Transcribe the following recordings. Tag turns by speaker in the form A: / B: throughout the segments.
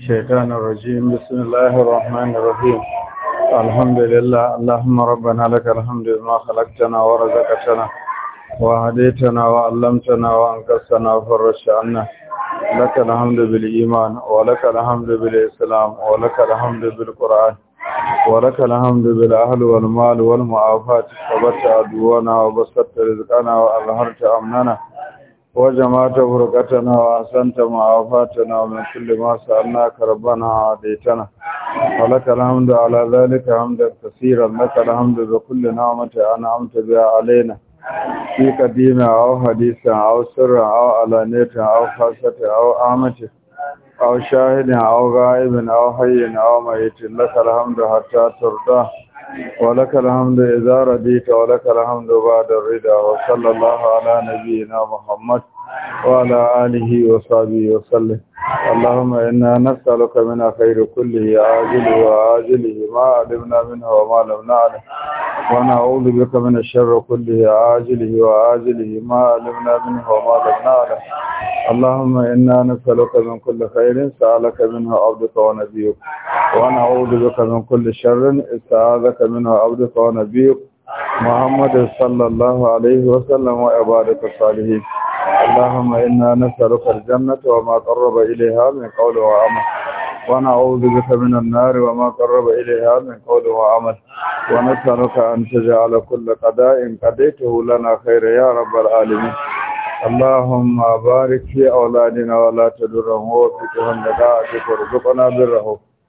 A: الشيطان الرجيم بسم الله الرحمن الرحيم الحمد لله اللهم ربنا لك الحمد ما خلقتنا ورزقتنا وهديتنا وعلمتنا وانقذتنا وفرجت عنا لك الحمد بالإيمان ولك الحمد بالإسلام ولك الحمد بالقرآن ولك الحمد بالأهل والمال والمعافات وبت عدونا وبسطت رزقنا وأظهرت أمننا وجمعت بركتنا وأحسنت معافاتنا ومن كل ما سألناك ربنا عاديتنا ولك الحمد على ذلك حمدا كثيرا لك الحمد بكل نعمة أنعمت بها علينا في قديم أو حديث أو سر أو علانية أو خاصة أو عامة أو شاهد أو غائب أو حي أو ميت لك الحمد حتى ترضى ولك الحمد إذا رديت ولك الحمد بعد الرضا وصلى الله على نبينا محمد وعلى آله وصحبه وسلم اللهم إنا نسألك من خير كله عاجله وعاجله ما علمنا منه وما لم نعلم ونعوذ بك من الشر كله عاجله وعاجله ما علمنا منه وما لم نعلم اللهم إنا نسألك من كل خير سألك منه عبدك ونبيك ونعوذ بك من كل شر استعاذك منه عبدك ونبيك محمد صلى الله عليه وسلم وعبادك الصالحين اللهم إنا نسألك الجنة وما قرب إليها من قول وعمل ونعوذ بك من النار وما قرب إليها من قول وعمل ونسألك أن تجعل كل قضاء قضيته لنا خير يا رب العالمين اللهم بارك في أولادنا ولا تدرهم وفقهم لداعتك وارزقنا برهم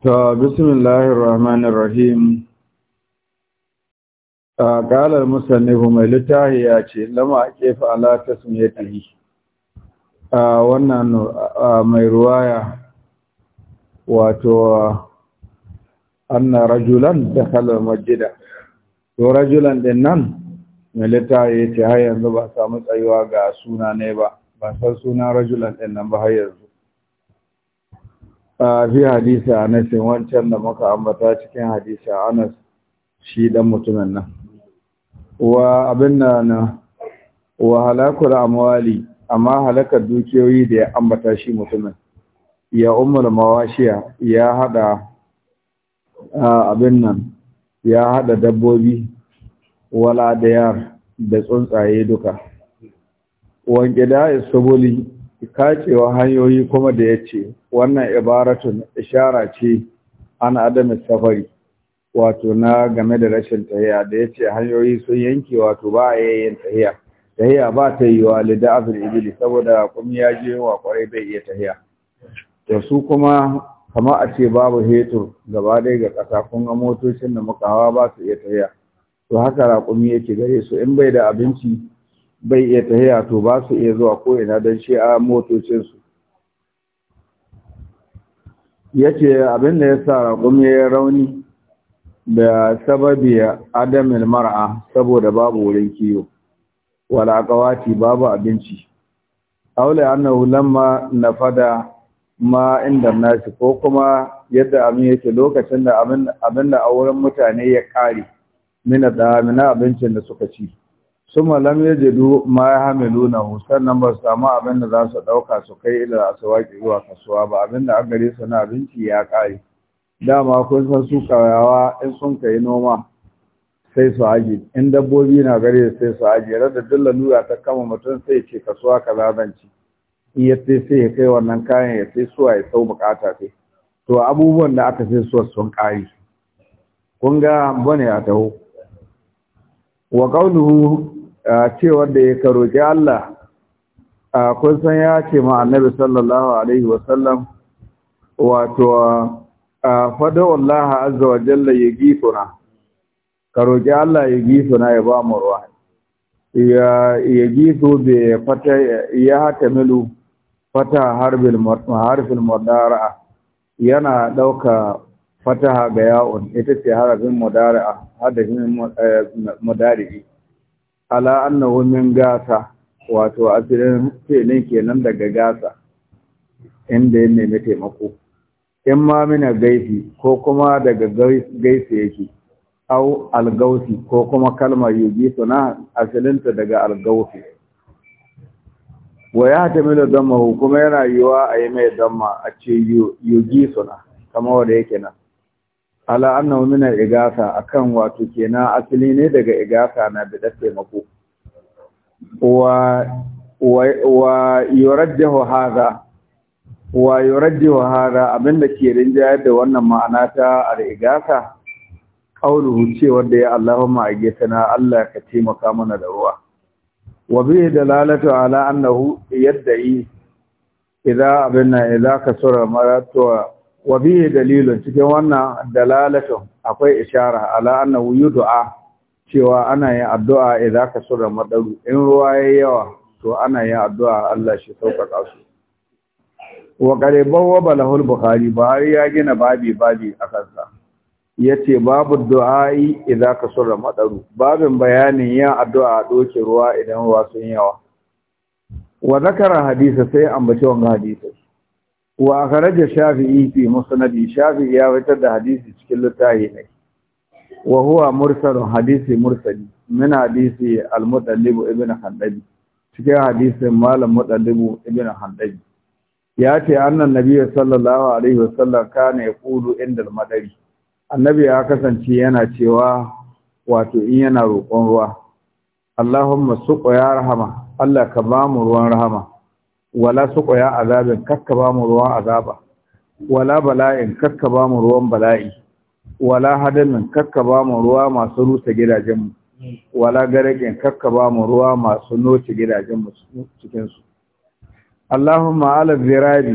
A: ta bismillahir rahmanir rahim. A ƙalar musannifu mai littahi ya ce, lama a kefa alata su ne tahi. A wannan mai ruwaya, wato, anna rajulan da kalar majida. To, rajulan din nan, mai littahi ya ce, har yanzu ba samu tsayuwa ga suna ne ba, ba san suna rajulan din nan ba har yanzu. a fi hadisi anas wancan da muka ambata cikin hadisa anas shi dan mutumin nan wa abin na wa halakul amwali amma halakar dukiyoyi da ya ambata shi mutumin ya ummul mawashiya ya hada abin nan ya hada dabbobi wala da yar da tsuntsaye duka wanke da subuli kacewa hanyoyi kuma da ya ce wannan ibaratun ishara ce an adamin safari wato na game da rashin tahiya da ya ce hanyoyi sun yanke wato ba a yayin tahiya tahiya ba ta yi wa abin ibili saboda kuma ya je wa kwarai bai iya tahiya to su kuma kama a ce babu hetur gaba dai ga ƙasa kun ga motocin da makawa ba su iya tahiya to haka raƙumi yake gare su in bai da abinci bai iya tahiya to ba su iya zuwa ko ina don shi a motocinsu ya ce abin da ya sa raƙum ya rauni da sababi adamin mara saboda babu wurin kiyo wala kawati babu abinci aula annahu lamma nafada ma inda nasi ko kuma yadda abin yake lokacin da abin da auren mutane ya kare mina da mina abincin da suka ci suma lam yajidu ma yahmilunahu sannan ba su samu abin da za su dauka su kai ila aswaki zuwa kasuwa ba abin da gare su na abinci ya kare dama kun san su kawayawa in sun kai noma sai su aji. in dabbobi na gare sai su aje rada dalla lura ta kama mutum sai ce kasuwa ka zazanci ci in sai sai ya kai wannan kayan ya sai suwa ya sau bukata sai to abubuwan da aka sai suwa sun kare kun ga bane a taho wa qawluhu ce wanda ya karoki Allah kun san ya ce ma annabi sallallahu alaihi wasallam wato fada wallaha azza wa jalla ya gifuna karoki Allah ya gifuna ya ba mu ruwa ya ya gifo be fata ya hatamilu fata harbil harfil mudara yana dauka fataha ga ya'un ita ce harafin mudara hadafin mudari eh, ala annahu min gasa wato asirin filin kenan daga gasa inda ya nemi taimako in ma mina gaifi ko kuma daga gaisa yake au algausi ko kuma kalmar yugi suna asilinta daga algausi wa ya tamila damma kuma yana yiwa a yi mai damma a ce yugi suna kama wanda yake nan ala annahu min al-igasa akan wato kenan asali ne daga igasa na da taimako wa wa yurajjahu hadha wa yurajjahu hadha abinda ke rinjayar da wannan ma'ana ta al-igasa qauluhu cewa da ya Allahumma aghithna Allah ka taimaka mana da ruwa wa bi dalalatu ala annahu yadda'i idza abinna idza kasura maratu wa bihi dalilun cikin wannan dalalatun akwai ishara ala annahu yud'a cewa ana yin addu'a idan ka sura madaru in ruwa yayi yawa to ana yin addu'a Allah shi saukaka su wa qariban wa balahul bukhari buhari ya gina babi babi a kansa yace babu du'a'i idan ka sura madaru babin bayanin yin addu'a a doke ruwa idan ruwa sun yawa wa zakara hadisi sai ambaci wannan hadisi wa kharaja shafi'i fi musnadi shafi'i ya wata da hadisi cikin littafi ne wa huwa mursal hadisi mursali min hadisi al-mudallib ibn hanbali cikin hadisin malam mudallib ibn hanbali ya ce annan nabi sallallahu alaihi wasallam kana yaqulu inda al-madari annabi ya kasance yana cewa wato in yana roƙon ruwa Allahumma suqo ya rahama Allah ka ba mu ruwan rahama wala suqaya azabin kakka ba mu ruwan azaba wala bala'in kakka ba mu ruwan bala'i wala hadalin kakka ba mu ruwa masu rusa gidajenmu wala garagen kakka ba mu ruwa masu noce gidajenmu cikinsu Allahumma ala zirabi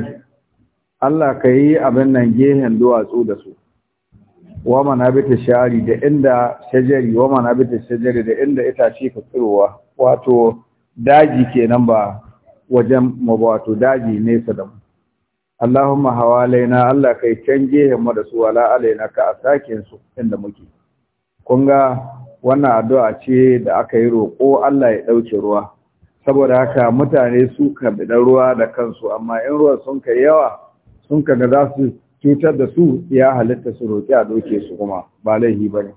A: Allah ka yi abin nan gehen duwatsu da su wa bita shari da inda shajari wa bita shajari da inda itace ka tsirowa wato daji kenan ba wajen mabatu daji nesa da mu Allahumma hawalaina Allah kai canje mu da su wala alaina ka asakin su inda muke kun ga wannan addu'a ce da aka yi roƙo Allah ya ɗauke ruwa saboda haka mutane su ka bidan ruwa da kansu amma in ruwa sun kai yawa sun ka ga za su cutar da su ya halitta su roƙi a doke su kuma ba laihi ba ne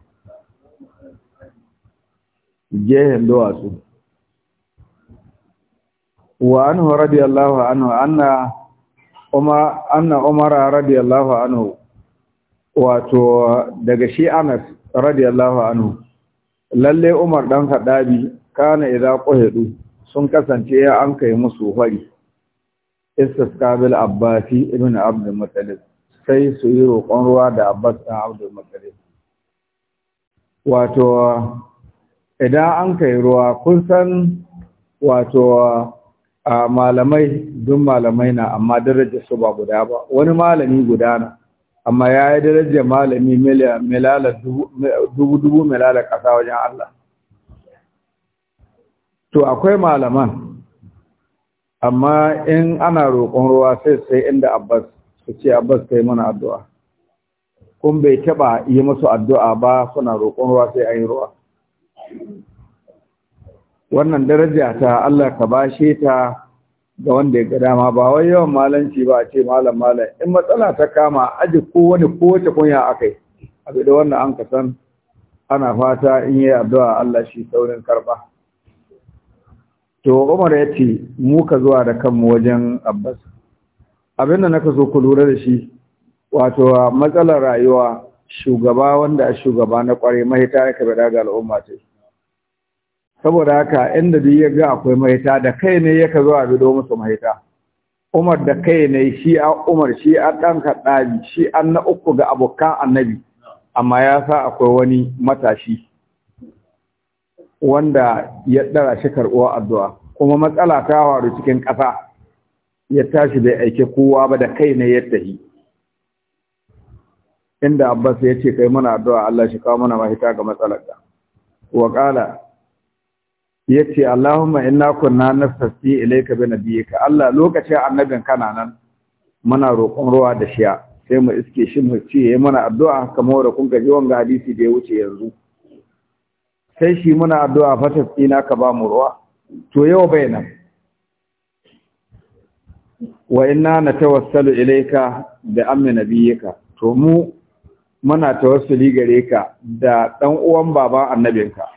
A: gehen duwatsu wa anhu radiyallahu anhu anna umar anna umar radiyallahu anhu wato daga shi Anas radiyallahu anhu lalle Umar dan Hadabi kana idza qahidu sun kasance ya an kai musu hari istisqabil abbasi ibn abd al-muttalib sai su yi roƙon ruwa da abbas ibn abd al-muttalib wato idan an kai ruwa kun san wato a malamai duk malamai na amma darajar su ba guda ba wani malami guda na amma ya yi darajar malami dubu-dubu milalar ƙasa wajen Allah to akwai malaman amma in ana roƙon ruwa sai sai inda abbas su ce abbas kai mana addu'a kun bai taɓa yi masu addu'a ba suna roƙon ruwa sai an yi ruwa wannan daraja ta Allah ka bashe ta ga wanda ya ga dama ba wai yawan malanci ba a ce malam malam in matsala ta kama aji ko wani ko wace kunya akai abu da wannan an kasan ana fata in yi addu'a Allah shi saurin karba to Umar ya ce mu ka zuwa da kanmu wajen Abbas abin da naka so ku lura da shi wato matsalar rayuwa shugaba wanda shugaba na kware mahita ya kabada ga al'umma ce saboda haka inda duk ya ga akwai mahita da kai ne yaka zo a bido musu mahita Umar da kai ne shi a Umar shi a ɗan shi an na uku ga abokan annabi amma ya sa akwai wani matashi wanda ya ɗara shi karɓuwa addu'a kuma matsala ta faru cikin ƙasa ya tashi bai aiki kowa ba da kai ne ya tafi. inda Abbas ya ce kai mana addu'a Allah shi kawo mana mahita ga matsalar wa ƙala yace Allahumma inna kunna nastasi ilayka bi nabiyyika Allah lokacin annabin kana nan muna roƙon ruwa da shiya sai mu iske shi mu ce yayi mana addu'a kamar da kun gaji wanga hadisi da ya wuce yanzu sai shi muna addu'a fatasina ka ba mu ruwa to yau bai nan wa inna natawassalu ilayka da ammi nabiyyika to mu muna tawassuli gare ka da dan uwan baban annabinka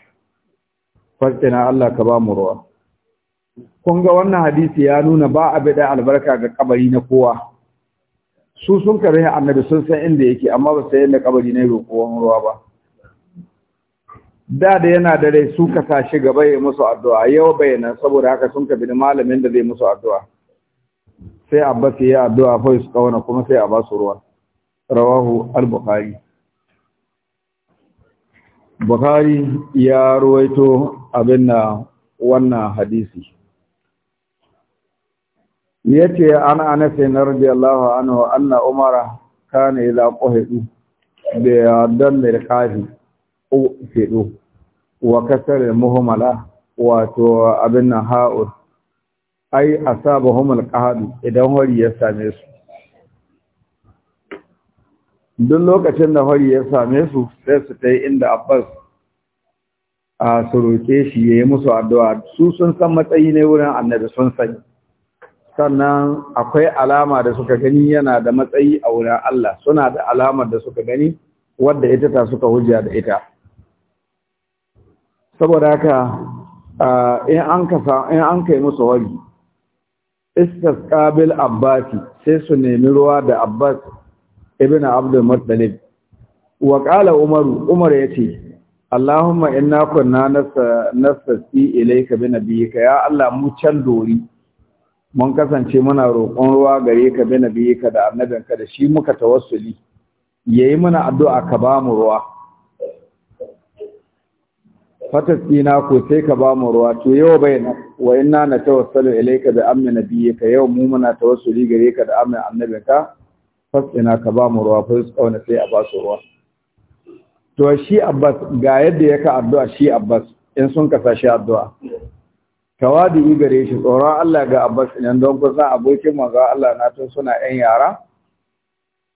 A: fartina Allah ka ba mu ruwa kun ga wannan hadisi ya nuna ba a da albarka ga kabari na kowa su sun kare annabi sun san inda yake amma ba sai da kabari na roƙon ruwa ba da da yana da rai su ka tashi gaba ya musu addu'a yau nan saboda haka sun ka bin malamin da zai musu addu'a sai abba sai ya addu'a fa su kauna kuma sai a ba ruwa rawahu al-bukhari Bukhari ya ruwaito abin na wannan hadisi. Ya ce, An anafe na radiyallahu anhu anna umara kana yi zaƙo haɗu da yardon mai kafi haɗu wa kasar muhammala wato abin na ha'ur, ai, a sa humul ƙahadu idan hori ya same su. duk lokacin da fari ya same su sai su ta inda abbas a suruke shi ya yi musu addu'a su sun san matsayi ne wurin annabi sun sani sannan akwai alama da suka gani yana da matsayi a wurin Allah suna da alamar da suka gani wadda ita ta suka hujja da ita saboda haka in an kai musu wari istas ƙabil abbasi sai su nemi ruwa da abbas ibn abdul muttalib wa qala umaru umar yace allahumma inna kunna nastasi ilayka bi nabiyyika ya allah mu can dori mun kasance muna roƙon ruwa gare ka bi nabiyyika da annabin ka da shi muka tawassuli yayi mana addu'a ka ba mu ruwa fatasina ko sai ka ba mu ruwa to yau bai na wa inna natawassalu ilayka bi ammi nabiyyika yau mu muna tawassuli gare ka da annabin ka. fasina ka ba mu ruwa fa yusqauna sai a ba su ruwa to shi Abbas ga yadda yake addu'a shi Abbas in sun kasa shi addu'a tawadi gare shi tsoron Allah ga Abbas idan don kusa abokin manzo Allah na tun suna yan yara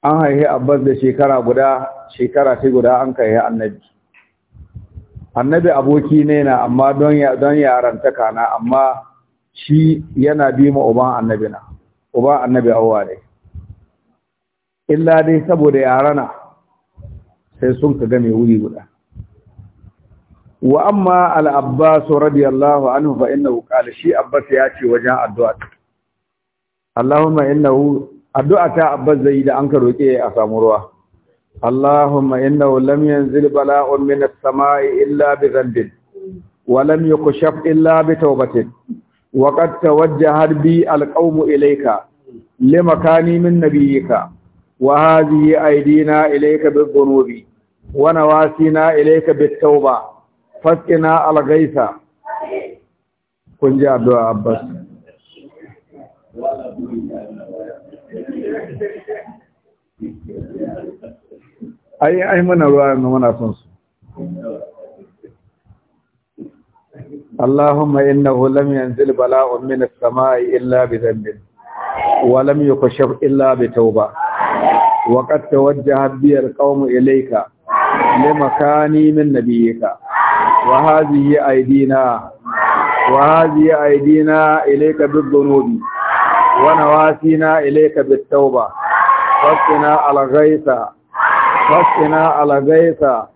A: an haihi Abbas da shekara guda shekara sai guda an kai annabi annabi aboki ne na amma don don yarantaka na amma shi yana bi ma uban annabi na uban annabi awwa illa dai saboda yarana sai sun ka game wuri guda wa amma al-abbas radiyallahu anhu fa innahu qala shi abbas ya ce wajen addu'a Allahumma innahu addu'a ta abbas zai da an ka roke a samu ruwa Allahumma innahu lam yanzil bala'un min as-sama'i illa bi dhanbin wa lam yuqshaf illa bi tawbatin wa qad tawajjaha bi al-qawmu ilayka limakani min nabiyyika وهذه أيدينا إليك بالذنوب ونواسينا إليك بالتوبة فاسقنا الغيث كنجا عبد Abbas. ai ai mana ruwa na son su Allahumma innahu lam yanzil bala'un min as-sama'i illa bi ولم يكشف إلا بتوبة وقد توجهت بي القوم إليك لمكاني من نبيك وهذه أيدينا وهذه أيدينا إليك بالذنوب ونواسينا إليك بالتوبة فاسقنا على غيثة فاسقنا على غيثة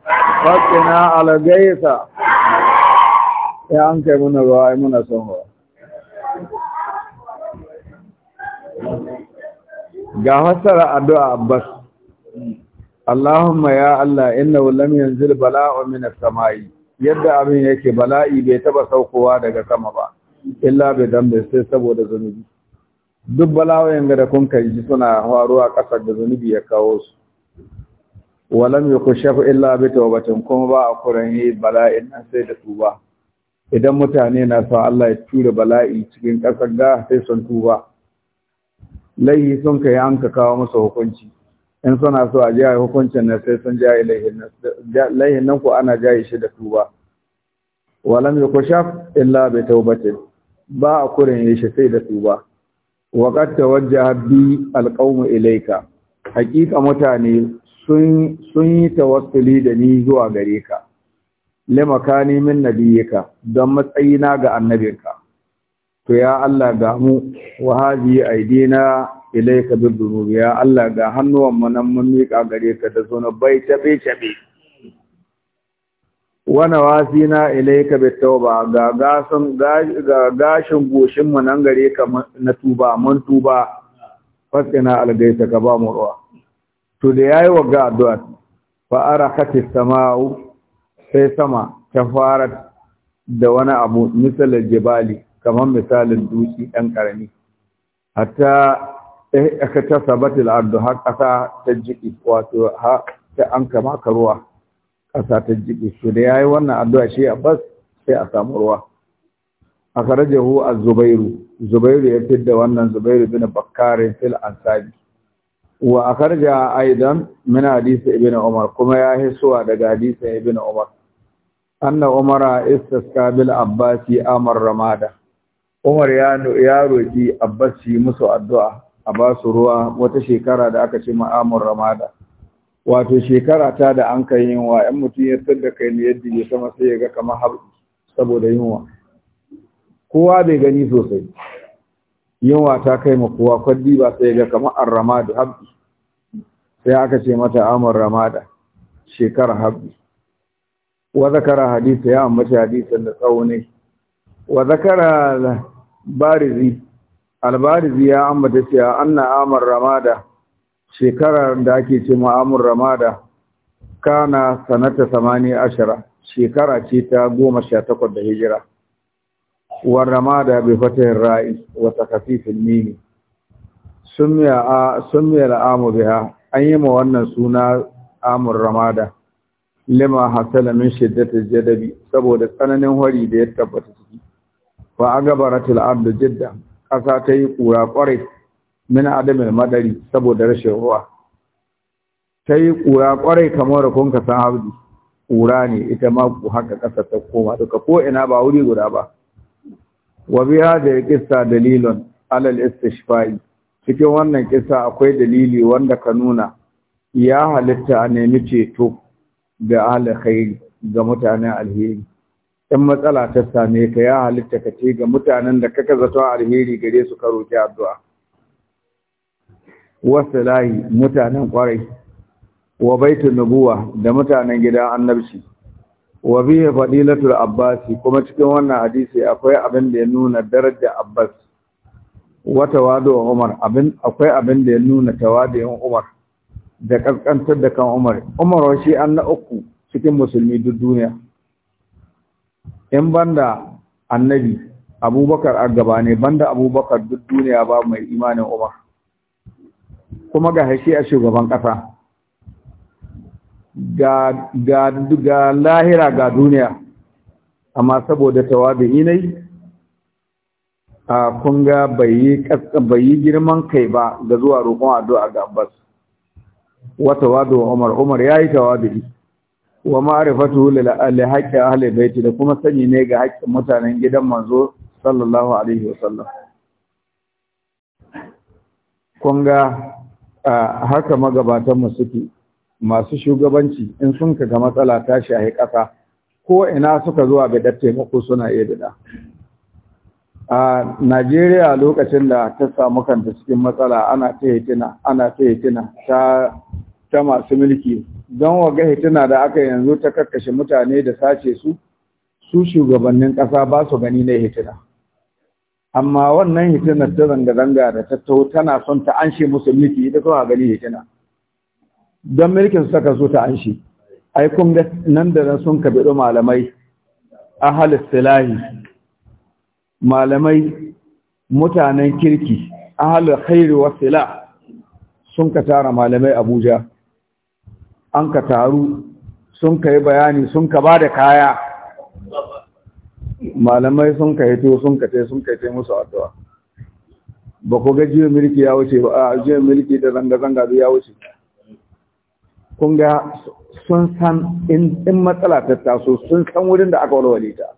A: فاسقنا على غيثة يا أنك من الرائمون سهوا ga fassara addu'a Abbas Allahumma ya Allah innahu lam yanzil bala'u min as-sama'i yadda abin yake bala'i bai taba saukowa daga sama ba illa bi dambi sai saboda zunubi duk bala'o'in da kun kai suna faruwa kasar da zunubi ya kawo su walam yukashaf illa bi tawbatin kuma ba a yi bala'in nan sai da tuba idan mutane na so Allah ya tura bala'i cikin kasar ga sai sun tuba laihi sun kai an ka kawo masa hukunci in suna so a jihar hukuncin na sai sun jaye laihin nan ko ana jaye shi da tuba walam yukushaf illa bi taubatin ba a kurin shi sai da tuba wa qad tawajjaha bi alqawmu ilaika, haqiqa mutane sun sun yi tawassuli da ni zuwa gare ka limakani min ka don matsayina ga annabinka to ya Allah ga mu wa hadi aidina ilaika biddunubi ya Allah ga hannuwan mu nan mun mika gare ka da zona bai tabe tabe wa nawasina ilaika bitauba ga gasan ga gashin goshin mu nan gare ka na tuba mun tuba fasina algaita ka ba mu ruwa to da yayi wa ga addu'a fa arakatis sama'u sai sama ta fara da wani abu misalar jibali kamar misalin duki ɗan ƙarami hatta aka ta sabatil ardu har ƙasa ta jiki wato ta an kama ka ruwa ƙasa ta jiki su da yayi wannan addu'a shi a bas sai a samu ruwa aka rajahu a zubairu zubairu ya fidda wannan zubairu bin bakkari fil ansabi wa akarja aidan min hadisi ibn umar kuma ya hisuwa daga hadisi ibn umar anna umara istaska bil abbasi amar ramada Umar ya roƙi Abbas yi musu addu'a a ba su ruwa wata shekara da aka ce ma'amun Ramada. Wato shekara ta da an kan yin wa ‘yan mutum ya da kai ne yadda ya sama sai ya ga kamar haɓu saboda yunwa. Kowa bai gani sosai. Yin wa ta kai ma kowa kwaddi ba sai ya ga kamar an Ramada haɓu. Sai aka ce mata Amur Ramada shekara haɓu. Wa zakara hadisa ya ambaci hadisan da tsawo ne. wa zakara barizi albarizi ya ambata cewa anna amar ramada shekarar da ake ce ma'amur ramada kana sanata samani ashara shekara ce ta goma sha takwas da hijira wa ramada bai fatahin ra'i wa takafifin mimi sumiya a al'amu biya an yi ma wannan suna amur ramada lima hasala min shiddatil jadabi saboda tsananin hori da ya tabbata fa agabaratil ardu jidda ƙasa ta yi ƙura ƙwarai min adamin madari saboda rashin ruwa ta yi ƙura ƙwarai kamar da san habdi ƙura ne ita ma ku haka ƙasa ta koma duka ko ina ba wuri guda ba wa biya da kissa dalilun alal istishfa'i cikin wannan kissa akwai dalili wanda ka nuna ya halitta a nemi ceto da ahalin ga mutanen alheri in matsala ta same ka ya halitta ka ce ga mutanen da kaka zato alheri gare su karo roki addu'a wasu layi mutanen kwarai wa baitun nubuwa da mutanen gidan annabci wa bihi fadilatul abbasi kuma cikin wannan hadisi akwai abin da ya nuna darajar abbas wa umar abin akwai abin da ya nuna tawadu'in umar da kaskantar da kan umar umar shi an na uku cikin musulmi duk duniya in banda annabi abubakar a gaba ne banda abubakar duk duniya ba mai imanin umar kuma ga hashi a shugaban kasa ga lahira ga duniya amma saboda tawabi inai a kunga bai yi girman kai ba ga zuwa roƙon addu'a ga abbas wata wadda umar umar ya yi tawabi'i wa ma'rifatu li haqqi ahli baiti da kuma sani ne ga haƙƙin mutanen gidan manzo sallallahu alaihi wa sallam ga haka magabatanmu suke masu shugabanci in sun kaga matsala ta shahi ƙasa ko ina suka zuwa bidar taimako suna iya da. a Najeriya lokacin da ta samu kanta cikin matsala ana ta hitina ana ta ta ta masu mulki don ga hituna da aka yanzu ta karkashe mutane da sace su su shugabannin ƙasa ba su gani na hituna amma wannan hituna ta zanga-zanga da tattaho tana son ta shi musu mulki ita kuma gani hituna don mulkin su saka so ta shi ai kun ga nan da nan sun kabiɗo malamai ahal silahi malamai mutanen kirki ahal khairi wasila sun ka tara malamai Abuja an ka taru sun ka yi bayani sun ka ba da kaya malamai sun ka yi to sun ka te sun ka te musu addu'a ba ku ga jiya mulki ya wuce ba a jiya mulki da zanga-zanga ya wuce kun ga sun san in matsala ta taso sun san wurin da aka walwale ta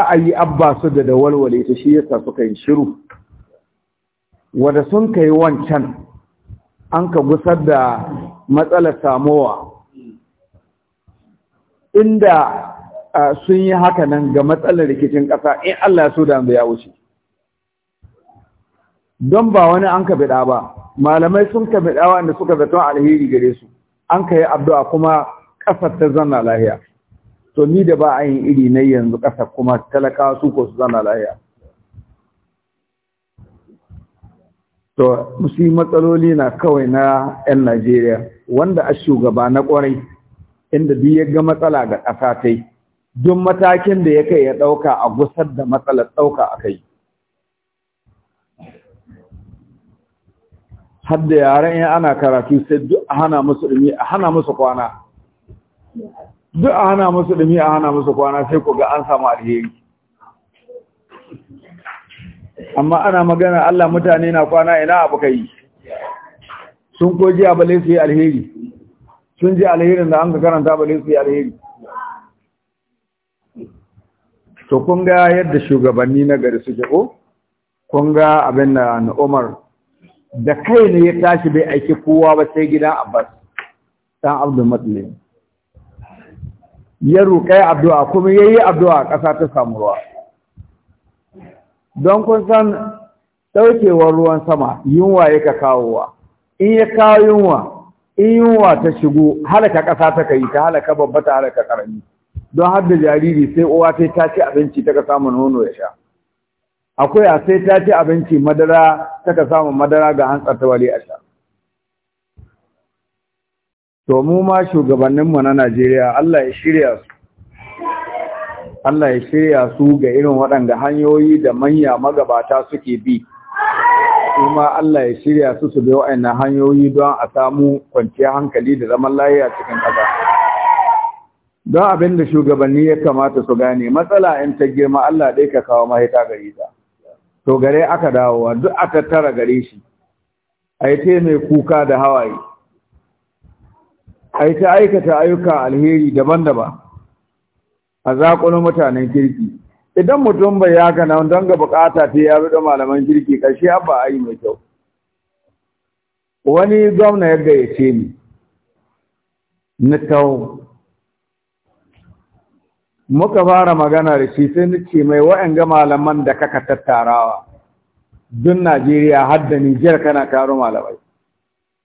A: ra'ayi abba su da da walwale ta shi yasa suka yi shiru wanda sun kai wancan an ka gusar da matsalar samowa inda sun yi haka nan ga matsalar rikicin ƙasa in Allah so da ya wuce don ba wani an ka bida ba malamai sun ka bida wanda suka zaton alheri gare su an ka yi abdu'a kuma ƙasar ta zanna lahiya to ni da ba a yin iri na yanzu ƙasar kuma talakawa su ko su zanna lahiya to musu matsaloli na kawai na 'yan najeriya wanda a shugaba na kwarai inda duk ya ga matsala ga ƙasa ta yi duk matakin da ya kai ya ɗauka a gusar da matsalar ɗauka a kai har da yaren yan ana karatu sai duk a hana musu ɗumi a hana musu kwana duk a hana musu ɗumi a hana musu kwana sai ku ga an samu alheri amma ana magana Allah mutane na kwana ina abu kai sun koji a bale su yi alheri sun ji alherin da an ka karanta bale su yi alheri to kun ga yadda shugabanni na gari suke ko kun ga abin da na Umar da kai ne ya tashi bai aiki kowa ba sai gida Abbas dan Abdul ya roƙa abdu'a kuma ya yayi addu'a ƙasa ta samu ruwa don kun san ɗaukewar ruwan sama yunwa yaka kawowa in ya kawo yunwa in yunwa ta shigo halaka ƙasa ta kai ta halaka babba ta halaka ƙarami don har da jariri sai uwa sai ta ci abinci ta ka samu nono ya sha akwai a sai ta ci abinci madara ta ka samu madara ga hantsar ta wale a sha to mu ma shugabanninmu na Najeriya Allah ya shirya su Allah ya shirya su ga irin waɗanda hanyoyi da manya magabata suke bi kuma Allah ya shirya su su bi ina hanyoyi don a samu kwanciyar hankali da zaman layiya cikin ƙasa don abin da shugabanni ya kamata su gane matsala in ta girma Allah ɗai ka kawo mahita gari ta to gare aka dawowa duk a tattara gare shi a yi mai kuka da hawaye a yi ta aikata ayyuka alheri daban-daban a zaƙulun mutanen kirki idan mutum bai yaka nan don ga bukata ta ya da malaman kirki ƙarshe abba a yi mai kyau wani gwamna ya gayyace ni na tau muka fara magana da shi sai ni ce mai waɗanga malaman da kaka tattarawa dun Najeriya har da Nijar kana karo malamai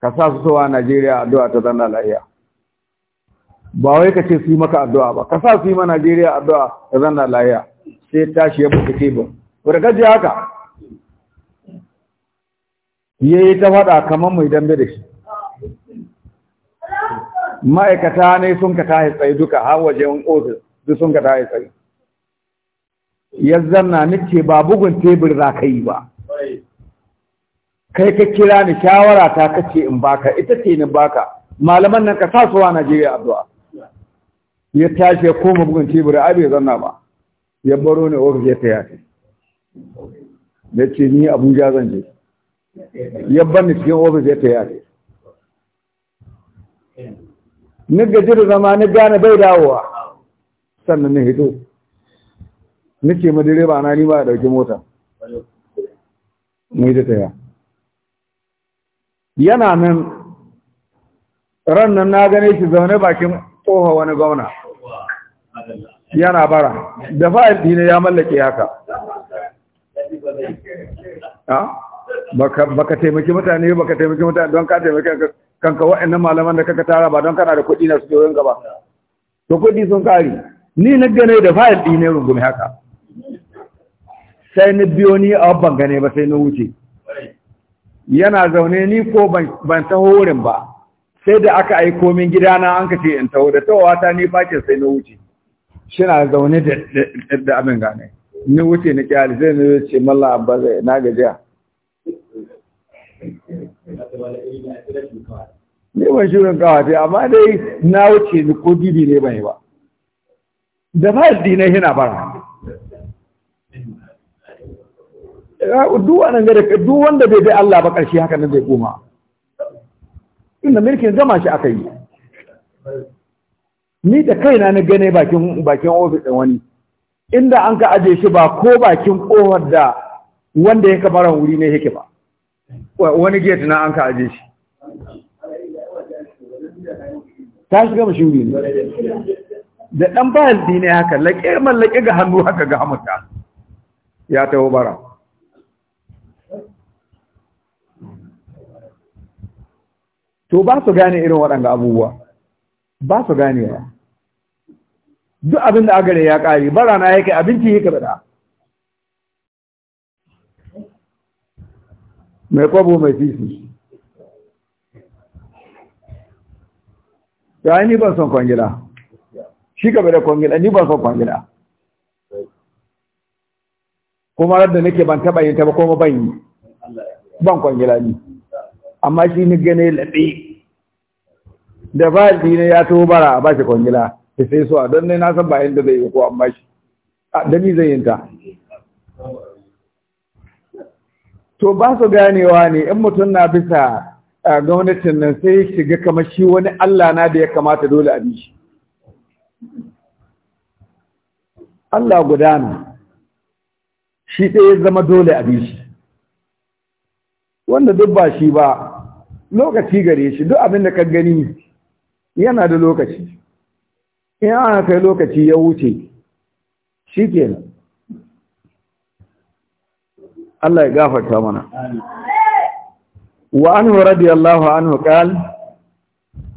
A: ka sa su sowa Najeriya addu'a ta zanna lahiya ba wai ka ce su yi maka addu'a ba ka sa su yi ma Najeriya addu'a zan zanna layiya sai tashi ya buka tebur gajiya haka Ya yi ta faɗa kamar mai dambe da shi
B: ma'aikata
A: ne sun ka tahi tsaye duka har wajen ofis duk sun ka tahi tsaye ya zanna ce ba bugun tebur za ka yi ba kai ka kira ni shawara ta kace in baka ita ce ni baka malaman nan ka sa su wa Najeriya addu'a ya tashi ya koma bugun teburi a bai zanna ba ya baro ne ofis ya taya ta ya ce ni abuja zan je ya ban ni cikin ofis ya taya ta ni gaji da zama ni gane bai dawowa sannan ni hito ni ce ma direba na ni ba a ɗauki mota mai da taya yana nan ran nan na gane shi zaune bakin tsoha wani gwamna yana bara da fa'il dine ya mallake haka baka taimaki mutane baka taimaki mutane don ka taimaki kanka wa'annan malaman da kaka tara ba don kana da kuɗi na su yoyin gaba to kuɗi sun kari ni na gane da fa'il dine rungume haka sai na biyo ni a ban gane ba sai na wuce yana zaune ni ko ban taho wurin ba sai da aka aiko min gidana an ka ce in taho da tawata ta ni fakin sai na wuce shina zaune da abin gane ni wuce ni kyali zai ne ce malla abba zai na gajiya ne ban shirin kawate amma dai na wuce ni ko dibi ne ban yi ba da ba dinai yana bara duwa nan gare duk wanda bai bai Allah ba karshe haka nan zai koma inda mulkin zama shi aka yi ni da kaina na gane bakin bakin ofis ɗin wani inda an ka aje shi ba ko bakin kofar da wanda ya kamar wuri ne yake ba wani gate na an ka aje shi ta shiga mashi wuri ne da ɗan bayan dine haka laƙe mallaƙe ga hannu haka ga hamuta ya taho bara to ba su gane irin waɗanda abubuwa ba su ganewa duk abin da agare ya kare bara na yake abinci yake bada mai kwabo mai sisi ya ni ban son kwangila shi ka bada kwangila ni ban son kwangila kuma da nake ban taba yin taba kuma ban yi ban kwangila ni amma shi ni gane laɗe da ba ne ya to bara a ba shi kwangila ya sai suwa don ne na san ba yadda zai yi ko amma shi, a dani zai yin ta to ba su ganewa ne in mutum na bisa a gwamnatin nan sai ya shiga kamar shi wani Allah na da ya kamata dole a bi shi Allah gudana shi ɗaya ya zama dole a bi shi wanda duk ba shi ba lokaci gare shi duk abin da ka gani yana da lokaci in an kai lokaci ya wuce shi kenan Allah ya gafarta mana wa anhu radiyallahu anhu qal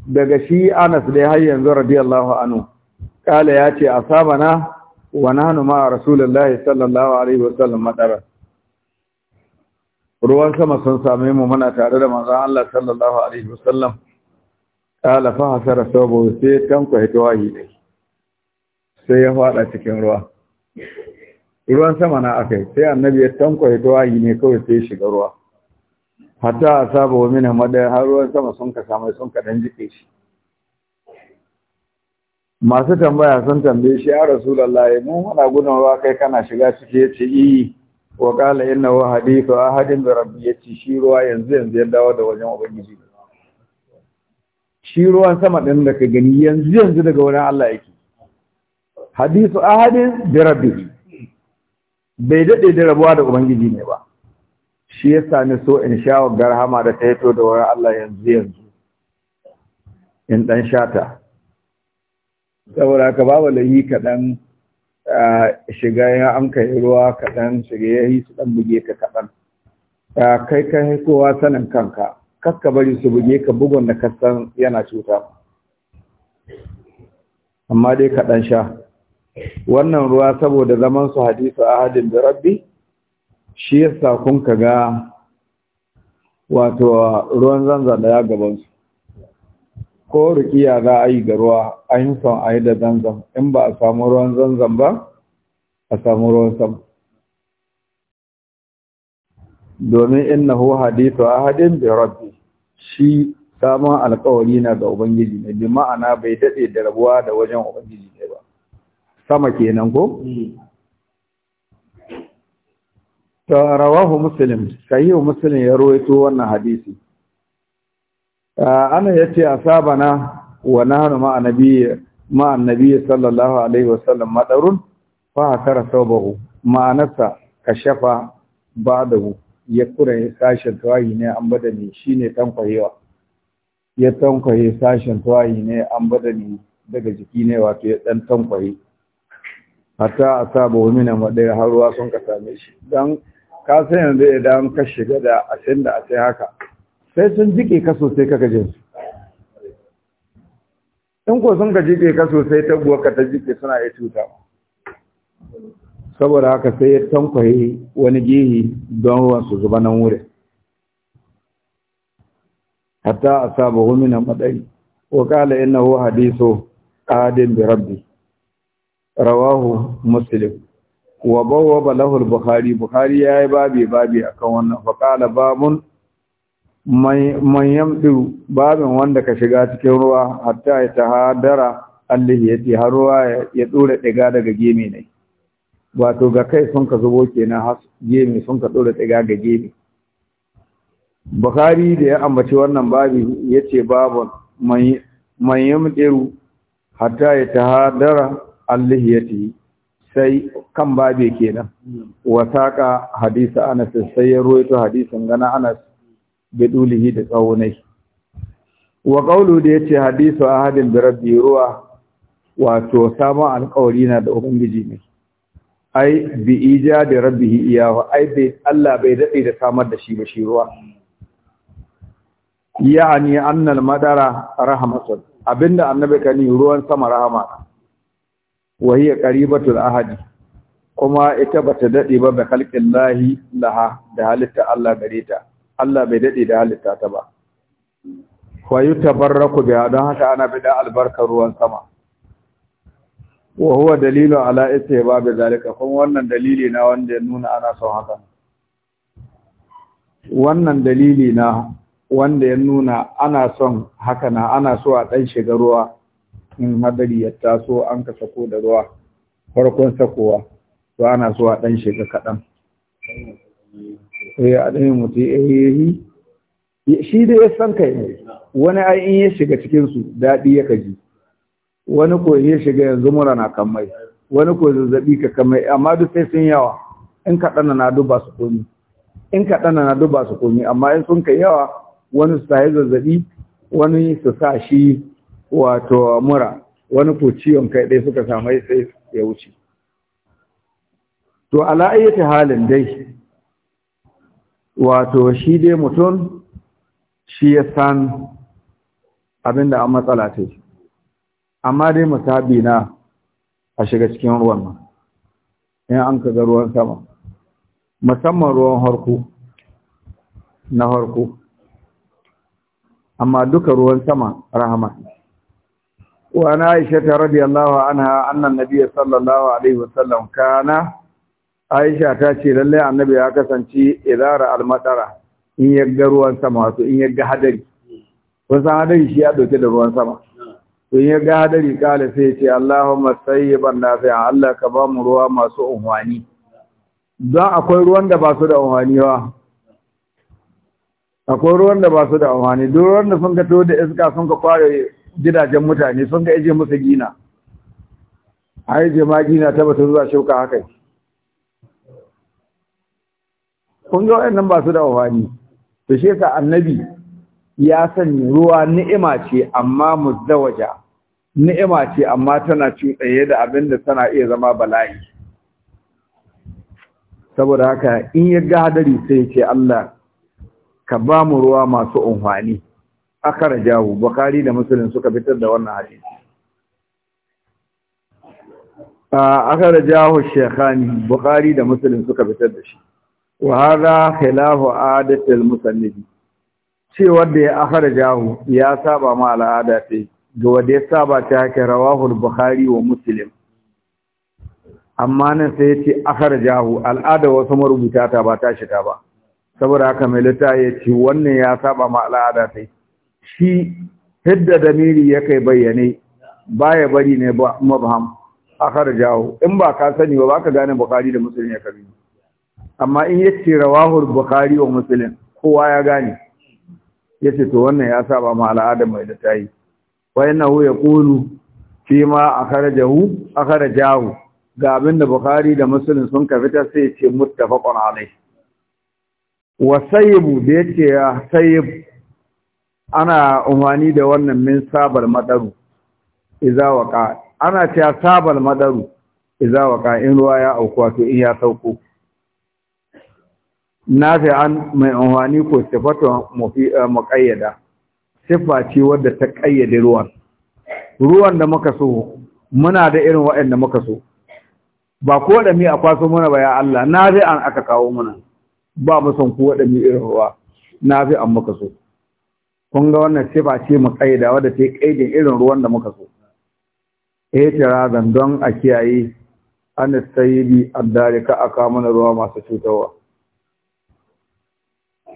A: daga shi Anas dai har yanzu radiyallahu anhu qala yace asabana wa nahnu ma rasulullahi sallallahu alaihi wasallam madara ruwan sama sun same mu muna tare da manzon Allah sallallahu alaihi wasallam qala fa hasara sawbu sai tanko ya tawahi dai sai ya fada cikin ruwa ruwan sama na akai sai annabi ya tanko ya tawahi ne kawai sai shiga ruwa hatta sabo wa min hamada har ruwan sama sun ka samu sun ka dan jike shi masu tambaya sun tambaye shi ya rasulullahi mun muna gudun ruwa kai kana shiga ciki yace yi eh. wa qala wa hadithu ahadin bi rabbi yace shi ruwa yanzu yanzu ya dawo da wajen ubangiji shi ruwan sama ɗin da ka gani yanzu yanzu daga wani Allah yake hadisu ahadin da rabbi bai daɗe da rabuwa da ubangiji ne ba shi ya sami so in sha garhama da ta yato da wani Allah yanzu yanzu in ɗan shata saboda ka babu layi kaɗan shiga ya an kai ruwa kaɗan shiga ya yi su ɗan buge ka kaɗan kai ka kowa sanin kanka kakka bari su buge ka bugun da kasan yana cuta amma dai ka kaɗan sha wannan ruwa saboda zaman su hadisu ahadin da rabbi shi yasa kun ka ga wato ruwan zanzan da ya gabansu ko rukiya za a yi ga ruwa an yi son a yi da zanzan in ba a samu ruwan zanzan ba a samu ruwan sama domin huwa hadithu ahadin bi rabbi shi samun alƙawari na ga ubangiji ne bi ma'ana bai dade da rabuwa da wajen ubangiji ne ba sama kenan ko ta rawahu muslim sahihu muslim ya rawaito wannan hadisi ana yace asabana wa nahnu ma annabi ma annabi sallallahu alaihi wasallam madarun fa akara sabahu ma'anarsa kashafa ba'dahu ya ya sashen tawayi ne an shi ne tankwayewa ya tankwaye sashen tawayi ne an ne daga jiki ne wato ya dan tankwaye hatta asaba wa mina madai har ruwa sun ka same shi dan ka san yanzu idan ka shiga da asin da asai haka sai sun jike ka sosai kaka jin su in ko sun ka jike ka sosai buwa ka ta jike suna iya cuta saboda haka sai ya tankwaye wani gihi don ruwan su zuba nan wurin hatta asabahu min al-madari wa qala ina hadithu adin bi rabbi rawahu muslim wa bawa balahul Bukhari, bukhari ya yi babi babi kan wannan fa babun man yamdu babin wanda ka shiga cikin ruwa hatta ya tahadara allihi ce, har ruwa ya tsura ɗiga daga gemi ne wato ga kai sun ka zubo kenan har gemi sun ka dora tsiga ga gemi Bukhari da ya ambaci wannan babi ya yace babu man mutiru hatta ya ya ce sai kan babe kenan wasaka hadisa ana sai ya ruwaito hadisin gana ana bi da tsawonai wa qawlu da ya ce hadisu a hadin rabbi ruwa wato sabon alƙawari na da ubangiji ne ai bi da rabbihi iyahu ai bai Allah bai dade da samar da shi ba shi ruwa yani annal madara rahmatun abinda annabi ka kani ruwan sama rahama wa hiya qaribatul ahadi kuma ita bata dade ba bi lahi laha da halitta Allah gare ta Allah bai dade da halitta ta ba wa yutabarraku bi don haka ana bida albarkar ruwan sama wa huwa dalilu ala istihbab zalika kuma wannan dalili na wanda ya nuna ana son haka wannan dalili na wanda ya nuna ana son haka na ana so a dan shiga ruwa in hadari ya taso an ka sako da ruwa farkon sakowa to ana so a dan shiga kadan sai eh, a dan mutu eh, eh, eh shi da ya san kai wani ai in ya shiga cikin su dadi ya kaji wani ko ya shiga yanzu mura na kan mai wani ko zazzabi ka kan mai amma duk sai sun yawa in ka dana na duba su komi in ka dana na duba su komi amma in sun kai yawa wani su sai zazzabi wani su sa shi wato mura wani ko ciwon kai dai suka samu sai ya wuce to ala ayyati halin dai wato shi dai mutum shi ya san abinda an matsala ce amma dai musabi na a shiga cikin ruwan nan in an ka ga ruwan sama musamman ruwan harko na harko amma duka ruwan sama rahama wa na aisha ta radiyallahu anha annan nabiy sallallahu alaihi wasallam kana aisha ta ce lalle annabi ya kasance idara almadara in yagga ruwan sama wato in yagga hadari wasan hadari shi ya dauke da ruwan sama to ya ga hadari kala sai ce Allahumma sayyiban nafi'a Allah ka ba mu ruwa masu unhwani don akwai ruwan da ba su da unhwani ba akwai ruwan da ba su da unhwani duk ruwan da sun ka to da iska sun ka kware gidajen mutane sun ka ije musu gina a yi jima gina ta bata zuwa shauka haka kun ga waɗannan ba su da unhwani to shi yasa annabi ya sani ruwa ni'ima ce amma muzdawaja ni'ima ce amma tana cuɗaye da abin da tana iya zama bala'i saboda haka in ya ga sai ce Allah ka ba mu ruwa masu unhwani akara jahu bukari da musulun suka fitar da wannan hadisi akara jahu shekhani bukari da musulun suka fitar da shi wa hada khilahu adatul musannibi cewar da ya akara jahu ya saba ma al'ada sai ga wanda ya saba ta yake rawahul bukhari wa muslim amma nan sai ya ce jahu, al'ada wasu marubuta ta ba ta shiga ba saboda haka mai lita ya ce wannan ya saba ma al'ada sai shi hidda damiri ya kai bayyane baya bari ne mabham jahu. in ba ka sani ba ka gane bukhari da muslim ya kabi amma in yace rawahul bukhari wa muslim kowa ya gane yace to wannan ya saba ma al'ada mai lita yi wa innahu yaqulu fi ma akhrajahu akhrajahu ga abin da Bukhari da Muslim sun ka fitar sai ce muttafaqun alai wa sayyib da yace sayyib ana umani da wannan min sabal madaru idza waqa ana ce sabal madaru idza waqa in ruwa ya auku to in ya sauko nafi'an mai umani ko sifatu muqayyada siffa ce wadda ta ƙayyade ruwan ruwan da muka so muna da irin waɗanda muka so ba ko da mi a kwaso muna ba ya Allah na zai an aka kawo muna ba mu son ku da mi irin ruwa na zai an muka so kun ga wannan siffa ce mu ƙayyada wadda ta ƙayyade irin ruwan da muka so eh tirazan don a kiyaye an sayyibi addarika aka mana ruwa masu cutarwa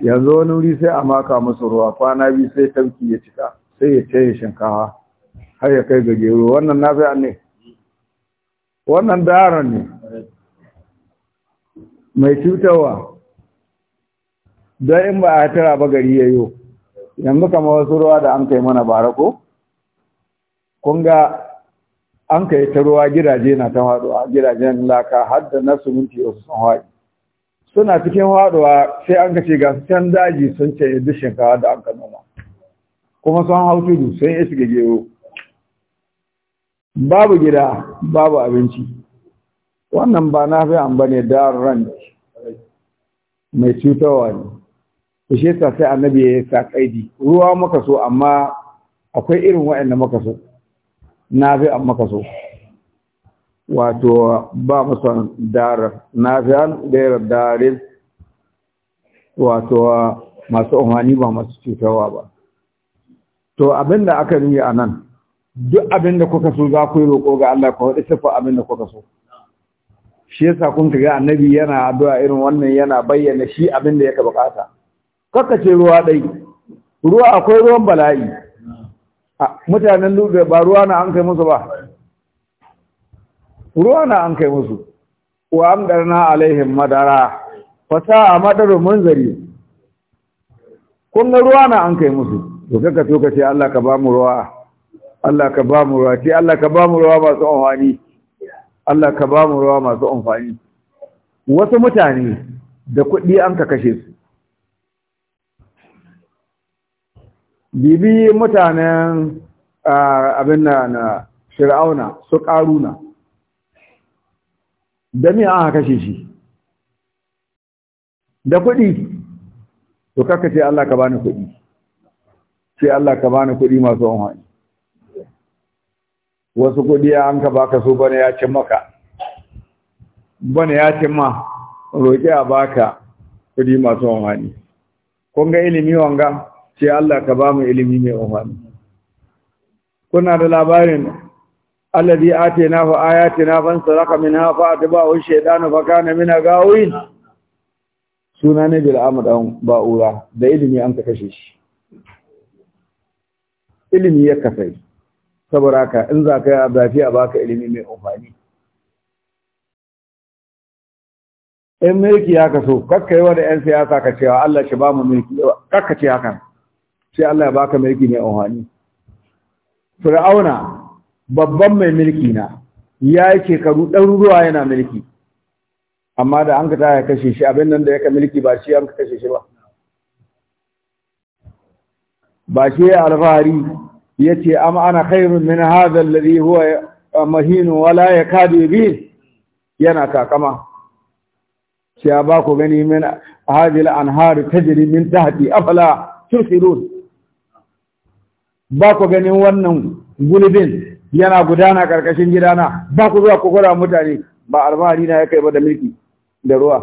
A: yanzu wani wuri sai a maka musu ruwa kwana biyu sai tamki ya cika sai ya ce shinkawa har ya kai ga gero wannan na fi'a ne wannan daren ne mai cutarwa don in ba a tara ba gari ya yi yanzu kama wasu ruwa da an kai mana barako kun ga an kai ta ruwa gidaje na ta a gidajen laka har da na suminti wasu sun haɗi suna cikin haɗuwa sai an ka ce ga can daji sun ce duk shinkawa da an ka noma kuma sun hau tudu sun yi shiga gero babu gida babu abinci wannan ba na fi an bane ran mai cutarwa ne ku shi sai annabi ya sa kaidi ruwa muka so amma akwai irin waɗanda muka so na fi an muka so wato ba musan darar nafiyan ɗaya darin wato masu umarni ba masu cutarwa ba to abinda aka yi a nan duk abinda kuka so za ku yi roƙo ga Allah ku haɗe siffar abinda kuka so shi yasa kun ga annabi yana addu'a irin wannan yana bayyana shi abinda yake bukata ce ruwa dai ruwa akwai ruwan bala'i mutanen lube ba ruwa na an kai musu ba ruwa na an kai musu wa amdarna alaihim madara fata a madaru munzari kun ga ruwa na an kai musu to kaka to kace Allah ka ba mu ruwa Allah ka ba mu ruwa ce Allah ka ba mu ruwa masu amfani Allah ka ba mu ruwa masu amfani wasu mutane da kuɗi an ka kashe su bibi mutanen ah, abin na shir'auna ah, su ƙaruna da me aka kashe shi da kuɗi to kaka ce Allah ka bani kuɗi ce Allah ka bani kuɗi masu amfani wasu kuɗi an ka baka su bane ya cin maka bane ya cin ma roƙi a baka kuɗi masu amfani kun ga ilimi wanga ce Allah ka ba mu ilimi mai amfani kuna da labarin alladhi atainahu ayatina fansalaka minha fa'atba'ahu ash-shaytanu fakana min gawin suna ne bil amadan ba'ura da ilimi an ka kashe shi ilimi ya kasai saboda haka in za ka yi abafi a baka ilimi mai amfani in mulki ya kaso kakka yi wani 'yan siyasa ka cewa Allah shi ba mu mulki kakka ce hakan sai Allah ya baka mulki mai amfani fir'auna babban mai mulki na ya yi shekaru ɗaruruwa yana mulki amma da an ka ta ya kashe shi abin nan da ya ka mulki ba shi an ka kashe shi ba ba shi ya alfahari ya ce amma ana khairun min hadha alladhi huwa mahinu wala ya yakadu bi yana kakama sai ya ba ku gani min hadhihi anhar tajri min tahti afala tusirun ba ku ganin wannan gulbin yana gudana ƙarƙashin gidana ba ku zuwa ku gwada mutane ba alfahari na ya kai ba da mulki da ruwa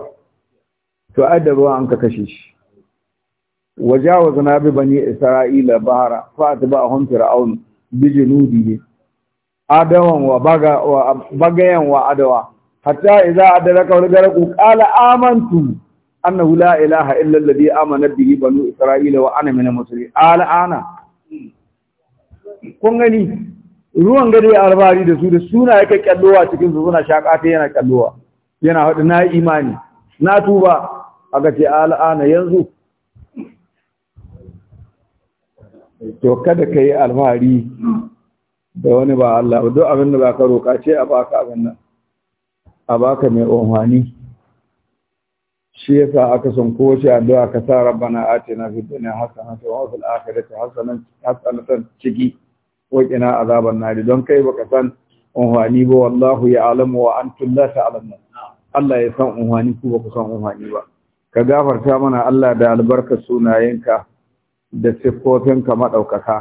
A: to ai da ruwa an ka kashe shi wajawaza na bi bani isra'ila bahara fa atba'ahum fir'aun bi junubi adawan wa baga wa bagayan wa adawa hatta idza adraka wal gharqu qala amantu annahu la ilaha illa alladhi amana bihi banu isra'ila wa ana min al-muslimin ala ana kun gani ruwan gari ya albari da su da suna ya kyallowa cikin su suna shaƙa ta yana kyallowa yana haɗu na imani na tuba ga ce al'ana yanzu to kada ka yi alfahari da wani ba Allah ba duk abin da ba ka roƙa ce a baka abin nan a baka mai umarni shi ya sa aka son kowace addu'a ka sa rabbana atina fid dunya hasanatan wa fil akhirati hasanatan hasanatan ciki wakina azaban nari don kai baka san unhwani ba wallahu ya alamu wa antum la alamu. Allah ya san unhwani ku ba ku san unhwani ba ka gafarta mana Allah da albarkar sunayenka da siffofinka maɗaukaka.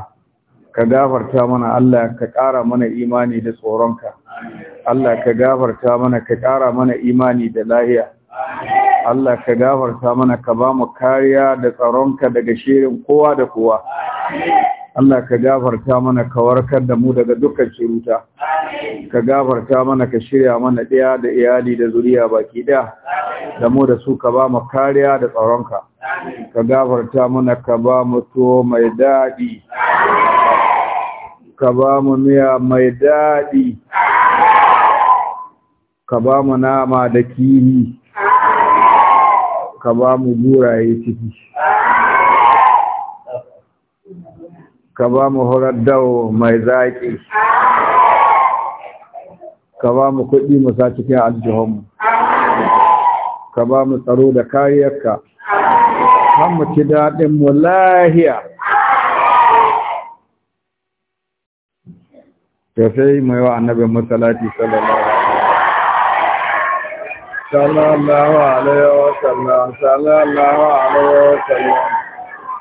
A: ka gafarta mana Allah ka ƙara mana imani da tsoronka Allah ka gafarta mana ka ƙara mana imani da lahiya Allah ka gafarta mana ka ba mu kariya da tsaronka daga shirin kowa da kowa Allah ka gafarta mana ka warkar da mu daga dukkan shiruta ka gafarta mana ka shirya mana ɗaya da iyali da zuriya baki ɗaya da mu da su ka ba mu kariya da tsaronka ka gafarta mana ka ba mu tuwo mai daɗi ka ba mu miya mai daɗi ka ba mu nama da kiri ka ba mu buraye ciki ka ba mu horar dawo mai zaƙi ka ba mu kuɗi mu sa cikin mu. ka ba mu tsaro da kariyarka kan mu ci daɗin mu lahiya ta sai mai wa annabin masalati sallallahu
B: alaihi wa sallallahu alaihi wa sallam sallallahu alaihi wa sallam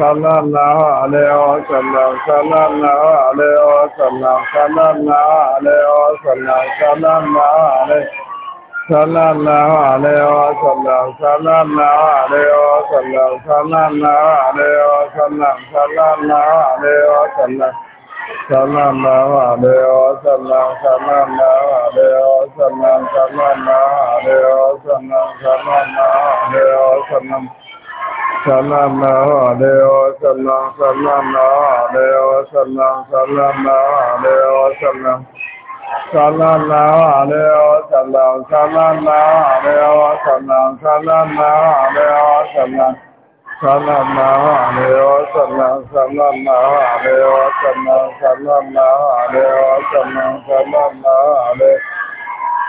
B: sallallahu na wa sallam sallallahu alaihi wa sallam sallallahu alaihi wa sallam sallallahu alaihi sallallahu alaihi wa sallam sallallahu alaihi wa sallam sallallahu alaihi wa sallam sallallahu alaihi wa sallam sallallahu alaihi wa sallam sallallahu alaihi wa sallam sallallahu alaihi wa sallam sallallahu alaihi wa sallam sallallahu alaihi wa sallam သမ္မာမောဒေဝသမ္မာသမ္မာမောဒေဝသမ္မာသမ္မာမောဒေဝသမ္မာ
A: သမ္မာမောဒေဝသမ္မာသမ္မာမောဒေဝသမ္မာသမ္မာမောဒေဝသမ္မာသမ္မာမောဒေဝသမ္မာ
B: သမ္မာမောဒေဝသမ္မာသမ္မာမောဒေဝသမ္မာသမ္မာမောဒေဝ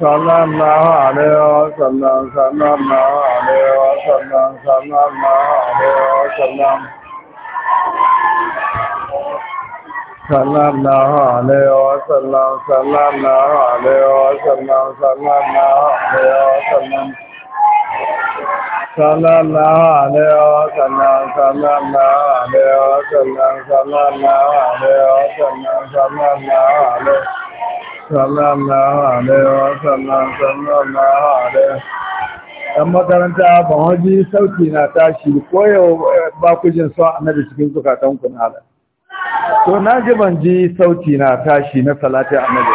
B: သမ္မာမဟာလေယောသမ္မာသမ္မာမဟာလေယောသမ္မာသမ္မာမဟာလေယောသမ္မာသမ္မာမဟာလေယောသမ္မာသမ္မာမဟာလေယောသမ္မာသမ္မာမဟာလေယောသမ္မာသမ္မာမဟာလေယောသမ္မာသမ္မာမဟာလေယောသမ္မာသမ္မာမဟာလေယောသမ္မာသမ္မာမဟာလေယော sallallahu
A: makaranta waje na tashi ko yau ba ku jin son annabi cikin zukatan ku na to na ji ban ji sauti na tashi na salati annabi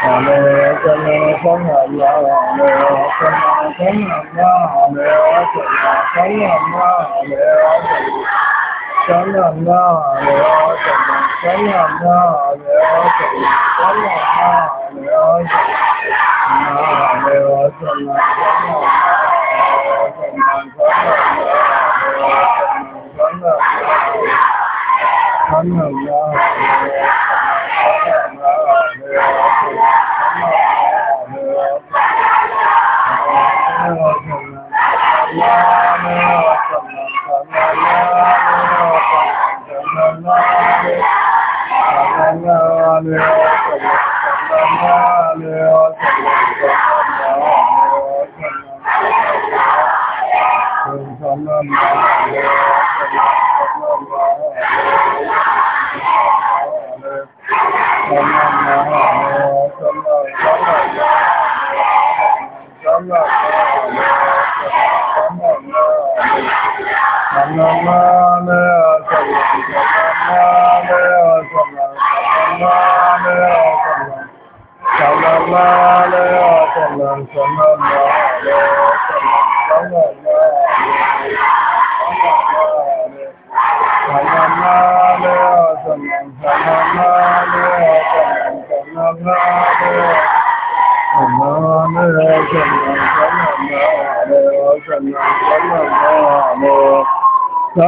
B: Hà mê chân sống hồn lo Hà mê chân sống hồn lo Hà mê chân sống hồn lo Hà mê chân sống hồn lo Hà mê chân sống hồn lo Hà mê chân sống hồn lo Hà mê chân sống hồn lo Hà mê chân sống hồn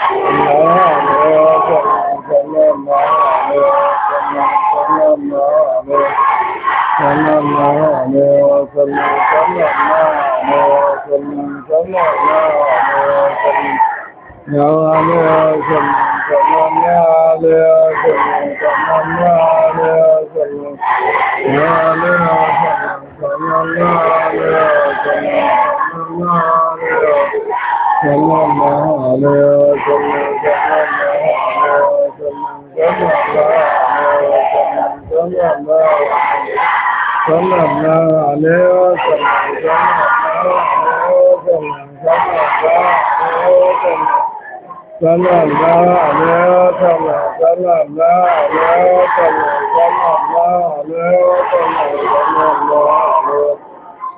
B: Hello. Allah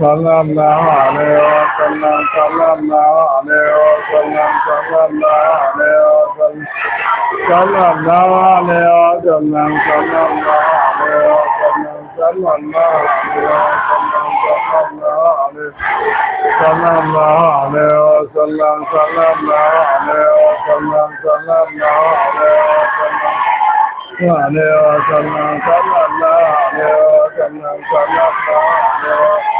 B: صلى الله عليه وسلم صلى الله عليه وسلم صلى الله عليه وسلم صلى الله عليه وسلم صلى الله عليه وسلم صلى الله عليه وسلم صلى الله عليه صلى الله عليه وسلم صلى الله عليه وسلم صلى الله عليه وسلم عليه وسلم صلى الله عليه وسلم صلى الله عليه وسلم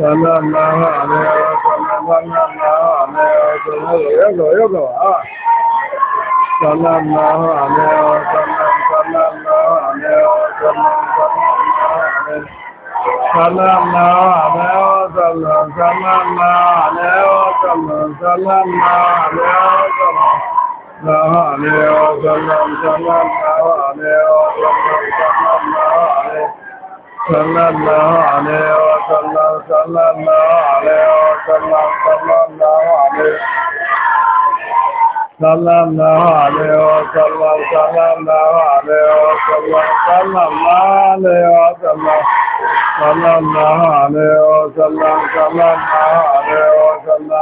B: သမမဟာမေသမမဟာမေသမယောဂယောဂဝါသမမဟာမေသမသမမဟာမေသမသမမဟာမေသမမဟာမေသမသမမဟာမေသမသမမဟာမေသမသမမဟာမေသမသမမဟာမေသမသမမဟာမေသမသမမဟာမေ صلى الله صلى الله عليه وسلم صلى الله عليه صلى الله عليه وسلم صلى الله عليه وسلم صلى الله عليه وسلم صلى الله عليه وسلم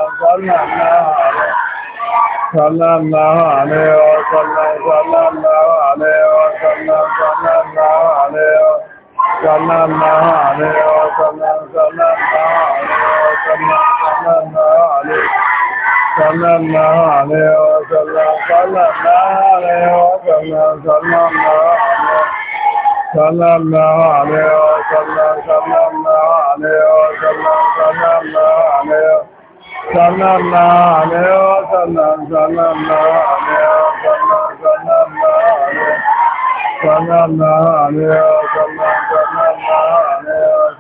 B: صلى الله عليه وسلم صلى الله عليه صلى الله عليه وسلم صلى الله عليه وسلم صلى الله عليه وسلم صلى الله عليه na,
A: Sallallahu
B: alayhi wa na.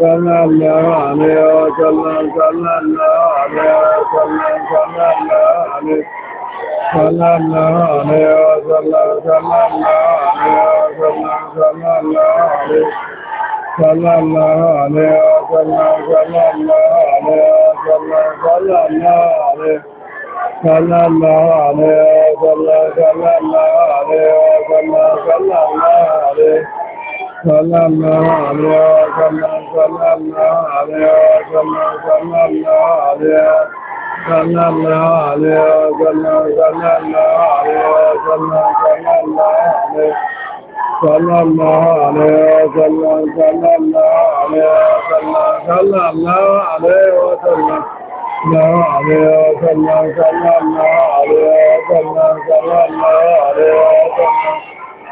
B: သလလာမေယောသလသလလာမေယောသလသလလာမေသလလာမေယောသလသလလာမေယောသလသလလာမေသလလာမေယောသလသလလာမေယောသလသလလာမေသလလာမေယောသလသလလာမေယောသလသလလာမေ
A: Sallallahu na wa sallam
B: sallallahu alaihi wa sallam sallallahu alaihi wa sallam sallallahu na wa sallam sallallahu alaihi wa sallam sallallahu alaihi wa sallam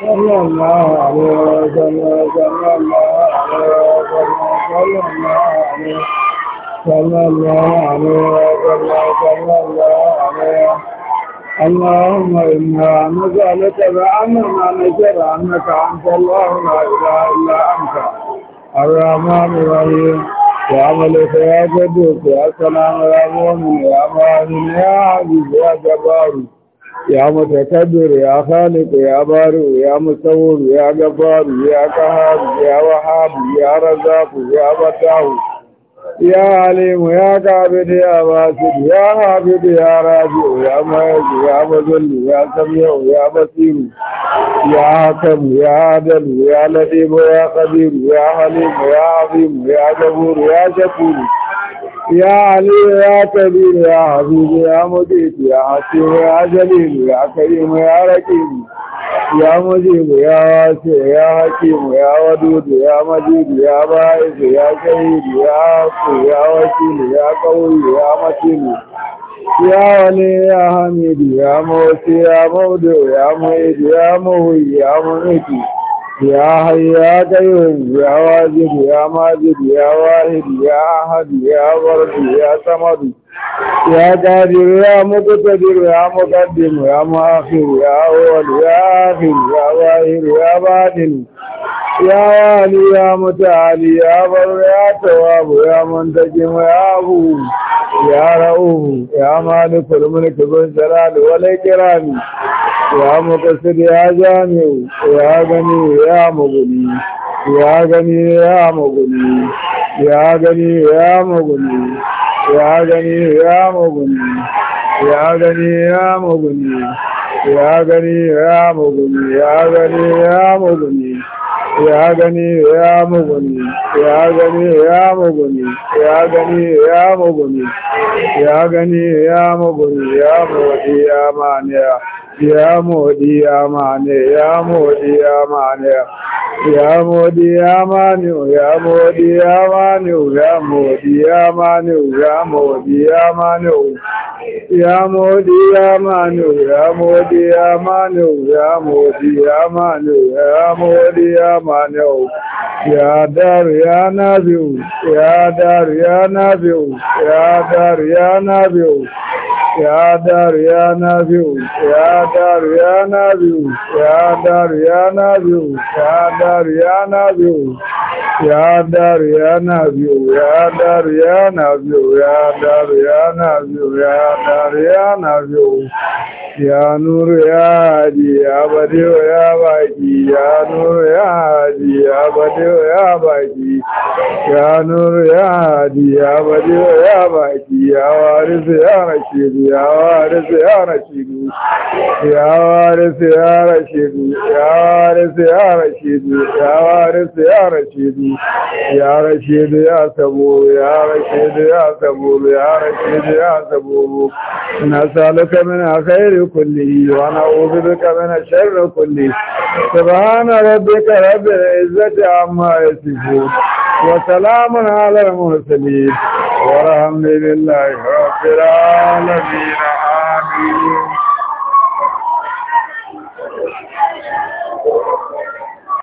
B: اللهم إنا نسألك بأن ما نشر أنك أنت الله لا إله إلا أنت الرحمن الرحيم يا ملك يا قدوس يا سلام يا مؤمن يا مؤمن يا عزيز يا جبار
A: ya matakaddar ya haliku ya baru ya musawar ya gabaru ya kahar ya wahabu ya razafu ya batahu ya halimu ya kabidi
B: ya basiru ya habidi ya rajiyu ya mayaju ya mazullu ya samyau ya basiru ya hakamu ya adalu ya ladibu ya kabiru ya halimu ya azimu ya gaburu ya shakuru يا علي
A: يا كبير يا حبيب يا مجيد يا حسيب يا جليل يا كريم يا ركيم
B: يا مجيب
A: يا واسع يا حكيم يا ودود يا
B: مجيد يا باعث يا شهيد يا عفو يا وكيل يا قوي يا متين يا
A: ولي يا حميد يا موسي يا مودع يا مهيد يا مهي يا مميت Ya haifi, ya haɗa yin iyawa, ya mafi ya aha, ya bar, ya sama يا قادر يا مقتدر يا مقدم يا مؤخر
B: يا أول يا آخر يا ظاهر يا باطن يا والي
A: يا متعالي يا بر يا تواب يا منتجم يا أبو يا رؤوف يا مالك الملك ذو الجلال والإكرام يا مقصد يا جامع يا غني يا مغني يا
B: غني يا مغني يا غني يا مغني ya
A: gani ya muguni ya gani ya muguni ya gani ya muguni ya gani ya muguni ya gani ya muguni ya gani ya muguni ya gani ya muguni ya gani ya muguni ya mudi ya maniya ya mudi ya mane ya mudi ya mane ya mudi ya mane ya mudi ya mane ya mudi ya mane ya mudi ya mane ya mudi ya mane ya mudi ya mane ya mudi ya mane ya mudi ya mane မာနုရာတ
B: ရာနာပြုရာတရာနာပြုရာတရာနာပြုရာတရာနာပြုရာတရာနာပြုရာတရာနာပြုရာတရာနာပြုရာတရာနာပြုရာတရာနာပြုရာတရာနာပြုရာတရာနာပြုယာနုရယာ
A: ဒီအဘဒေဝယ
B: ာဝိယာနုရယာ hadi ya bade ya baki ya
A: nur ya hadi ya bade ya baki ya waris ya rashid ya waris ya rashid ya
B: waris ya rashid ya waris ya rashid ya waris ya rashid ya rashid
A: ya sabu ya rashid ya sabu ya rashid ya sabu نسألك من خير كله ونعوذ بك من شر كله rabbil izzati amma yasifun wa salamun ala al-mursalin wa rahmatullahi
B: rabbil alamin amin